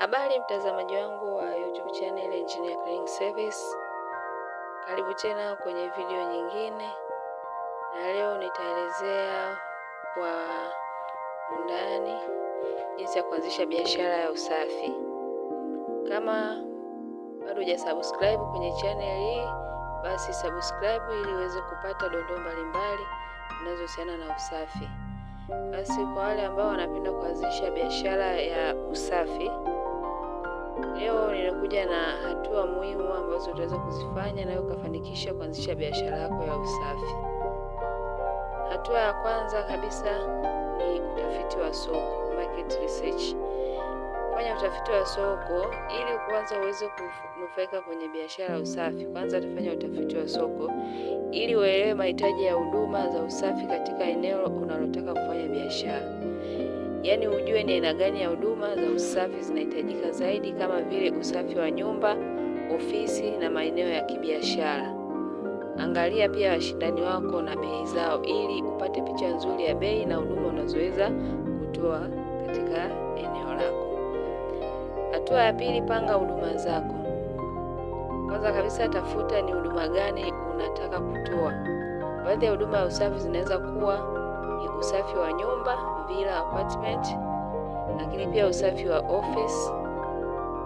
Habari mtazamaji wangu wa YouTube channel Engineer Cleaning Service, karibu tena kwenye video nyingine, na leo nitaelezea kwa undani jinsi ya kuanzisha biashara ya usafi. Kama bado hujasubscribe kwenye channel hii, basi subscribe ili uweze kupata dondoo mbalimbali zinazohusiana na usafi. Basi kwa wale ambao wanapenda kuanzisha biashara ya usafi Leo ninakuja na hatua muhimu ambazo utaweza kuzifanya na ukafanikisha kuanzisha biashara yako ya usafi. Hatua ya kwanza kabisa ni utafiti wa soko, market research. Fanya utafiti wa soko ili kwanza uweze kunufaika kwenye biashara ya usafi. Kwanza tufanya utafiti wa soko ili uelewe mahitaji ya huduma za usafi katika eneo unalotaka kufanya biashara yaani ujue ni aina gani ya huduma za usafi zinahitajika zaidi, kama vile usafi wa nyumba, ofisi na maeneo ya kibiashara. Angalia pia washindani wako na bei zao, ili upate picha nzuri ya bei na huduma unazoweza kutoa katika eneo lako. Hatua ya pili, panga huduma zako. Kwanza kabisa, tafuta ni huduma gani unataka kutoa. Baadhi ya huduma ya usafi zinaweza kuwa ni usafi wa nyumba villa, apartment, lakini pia usafi wa office,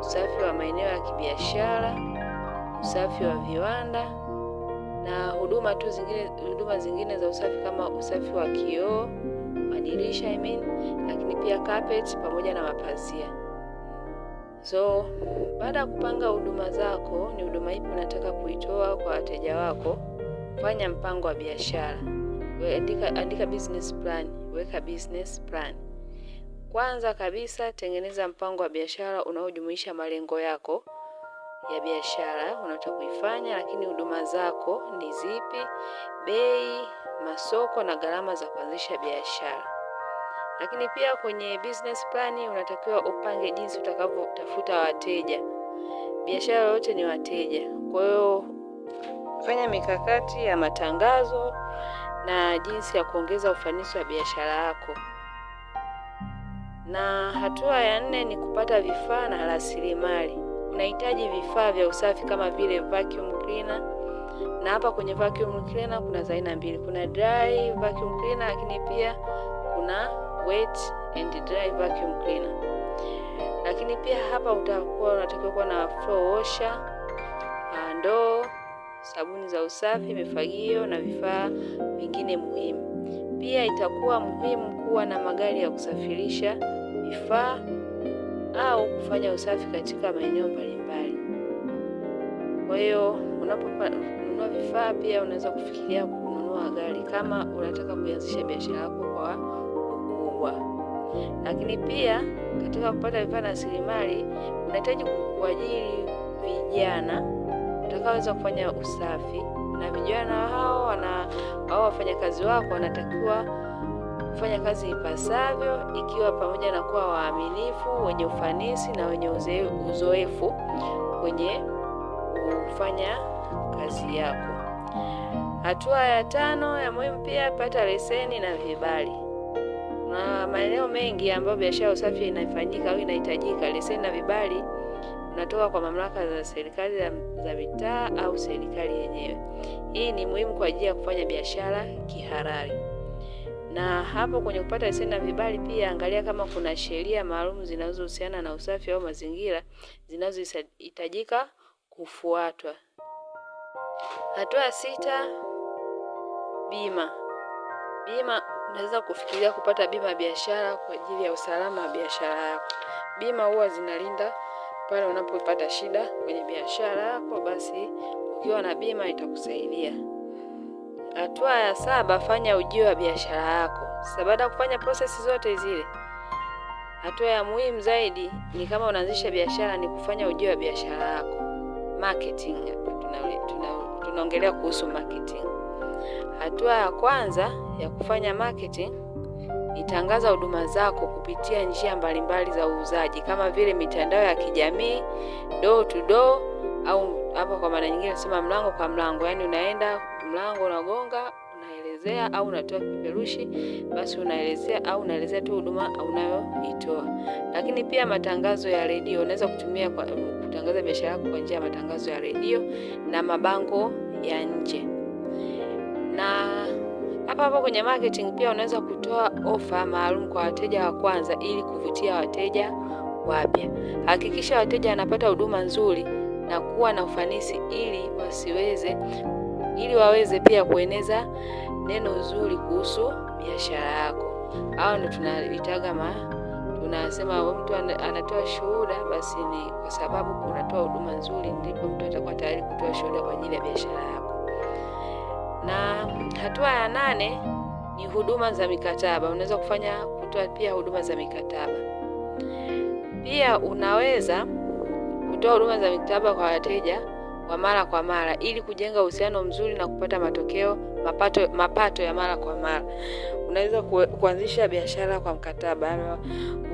usafi wa maeneo ya kibiashara, usafi wa viwanda na huduma tu zingine, huduma zingine za usafi kama usafi wa kioo, madirisha I mean, lakini pia carpet pamoja na mapazia. So baada ya kupanga huduma zako, ni huduma ipi unataka kuitoa kwa wateja wako, fanya mpango wa biashara we andika, andika business plan, weka business plan. Kwanza kabisa tengeneza mpango wa biashara unaojumuisha malengo yako ya biashara unataka kuifanya, lakini huduma zako ni zipi, bei, masoko na gharama za kuanzisha biashara. Lakini pia kwenye business plan unatakiwa upange jinsi utakavyotafuta wateja. Biashara yote ni wateja, kwa hiyo fanya mikakati ya matangazo na jinsi ya kuongeza ufanisi wa biashara yako. Na hatua ya nne ni kupata vifaa na rasilimali. Unahitaji vifaa vya usafi kama vile vacuum cleaner, na hapa kwenye vacuum cleaner kuna za aina mbili, kuna dry vacuum cleaner, lakini pia kuna wet and dry vacuum cleaner. Lakini pia hapa utakuwa unatakiwa kuwa na floor washer, ah, ndoo sabuni za usafi, mifagio na vifaa vingine muhimu. Pia itakuwa muhimu kuwa na magari ya kusafirisha vifaa au kufanya usafi katika maeneo mbalimbali. Kwa hiyo unaponunua vifaa, pia unaweza kufikiria kununua gari kama unataka kuanzisha biashara yako kwa ukubwa. Lakini pia katika kupata vifaa na rasilimali, unahitaji kuajiri vijana utakaoweza kufanya usafi, na vijana hao wana au wafanyakazi wako wanatakiwa kufanya kazi ipasavyo, ikiwa pamoja na kuwa waaminifu, wenye ufanisi na wenye uzoefu kwenye kufanya kazi yako. Hatua ya tano ya muhimu pia, pata leseni na vibali. Na maeneo mengi ambayo biashara ya usafi inafanyika au inahitajika leseni na vibali unatoka kwa mamlaka za serikali za mitaa au serikali yenyewe. Hii ni muhimu kwa ajili ya kufanya biashara kihalali. Na hapo kwenye kupata leseni na vibali, pia angalia kama kuna sheria maalum zinazohusiana na usafi au mazingira zinazohitajika kufuatwa. Hatua sita, bima. Bima, unaweza kufikiria kupata bima ya biashara kwa ajili ya usalama wa biashara yako. Bima huwa zinalinda pale unapopata shida kwenye biashara yako, basi ukiwa na bima itakusaidia. Hatua ya saba, fanya ujio wa biashara yako. Sasa baada ya kufanya prosesi zote zile, hatua ya muhimu zaidi ni kama unaanzisha biashara, ni kufanya ujio wa biashara yako, marketing. Tunaongelea tuna, tuna, tuna kuhusu marketing. Hatua ya kwanza ya kufanya marketing Itangaza huduma zako kupitia njia mbalimbali za uuzaji kama vile mitandao ya kijamii, door to door, au hapa kwa maana nyingine nasema mlango kwa mlango, yaani unaenda mlango unagonga unaelezea au unatoa kipeperushi, basi unaelezea au unaelezea tu huduma unayoitoa. Lakini pia matangazo ya redio, unaweza kutumia kwa, kutangaza biashara yako kwa njia ya matangazo ya redio na mabango ya nje na hapa hapa kwenye marketing pia unaweza kutoa ofa maalum kwa wateja wa kwanza ili kuvutia wateja wapya. Hakikisha wateja wanapata huduma nzuri na kuwa na ufanisi ili wasiweze ili waweze pia kueneza neno zuri kuhusu biashara yako. Hao ndio tunaitaga ma tunasema mtu anatoa shuhuda, basi ni kwa sababu unatoa huduma nzuri, ndipo mtu atakuwa tayari kutoa shuhuda kwa ajili ya biashara yako. Na hatua ya nane ni huduma za mikataba. Unaweza kufanya kutoa pia huduma za mikataba. Pia unaweza kutoa huduma za mikataba kwa wateja kwa mara kwa mara ili kujenga uhusiano mzuri na kupata matokeo mapato, mapato ya mara kwa mara. Unaweza kuanzisha biashara kwa mkataba,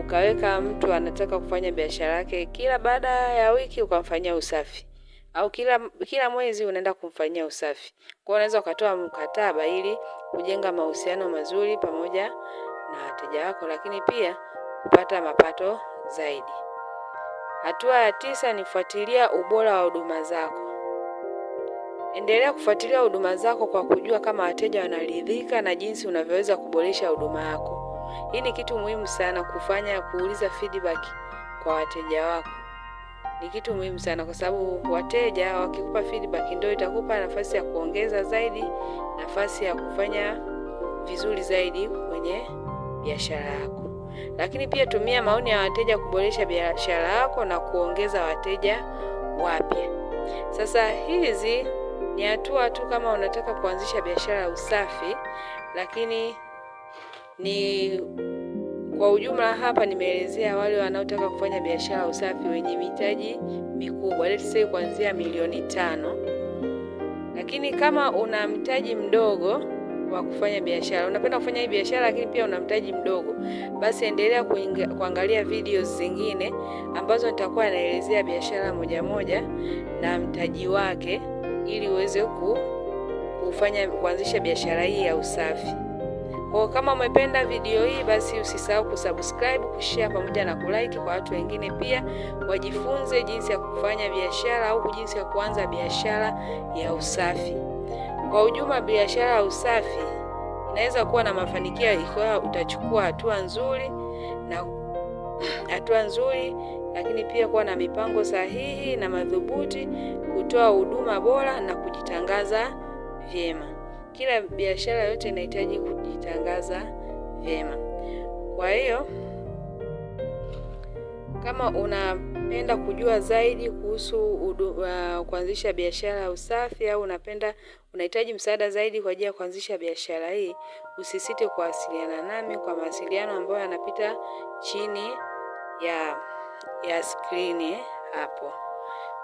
ukaweka mtu anataka kufanya biashara yake, kila baada ya wiki ukamfanyia usafi au kila kila mwezi unaenda kumfanyia usafi. Kwa unaweza ukatoa mkataba ili kujenga mahusiano mazuri pamoja na wateja wako, lakini pia kupata mapato zaidi. Hatua ya tisa ni fuatilia ubora wa huduma zako. Endelea kufuatilia huduma zako kwa kujua kama wateja wanaridhika na jinsi unavyoweza kuboresha huduma yako. Hii ni kitu muhimu sana kufanya, kuuliza feedback kwa wateja wako ni kitu muhimu sana, kwa sababu wateja wakikupa feedback ndio itakupa nafasi ya kuongeza zaidi, nafasi ya kufanya vizuri zaidi kwenye biashara yako. Lakini pia tumia maoni ya wateja kuboresha biashara yako na kuongeza wateja wapya. Sasa hizi ni hatua tu kama unataka kuanzisha biashara ya usafi, lakini ni kwa ujumla, hapa nimeelezea wale wanaotaka kufanya biashara usafi wenye mitaji mikubwa, let's say kuanzia milioni tano. Lakini kama una mtaji mdogo wa kufanya biashara, unapenda kufanya hii biashara lakini pia una mtaji mdogo, basi endelea kuangalia videos zingine ambazo nitakuwa naelezea biashara moja moja na mtaji wake, ili uweze kufanya kuanzisha biashara hii ya usafi. Kwa kama umependa video hii, basi usisahau kusubscribe, kushare pamoja na kulike kwa watu wengine pia wajifunze jinsi ya kufanya biashara au jinsi ya kuanza biashara ya usafi. Kwa ujumla, biashara ya usafi inaweza kuwa na mafanikio ikiwa utachukua hatua nzuri na hatua nzuri, lakini pia kuwa na mipango sahihi na madhubuti, kutoa huduma bora na kujitangaza vyema. Kila biashara yote inahitaji kujitangaza vyema. Kwa hiyo kama unapenda kujua zaidi kuhusu uh, kuanzisha biashara ya usafi au unapenda unahitaji msaada zaidi kwa ajili ya kuanzisha biashara hii, usisite kuwasiliana nami kwa mawasiliano ambayo yanapita chini ya ya skrini hapo.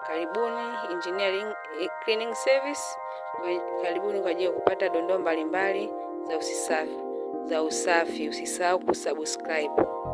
Karibuni engineering eh, cleaning service, karibuni kwa ajili ya kupata dondoo mbalimbali za usafi za usafi. Usisahau kusubscribe.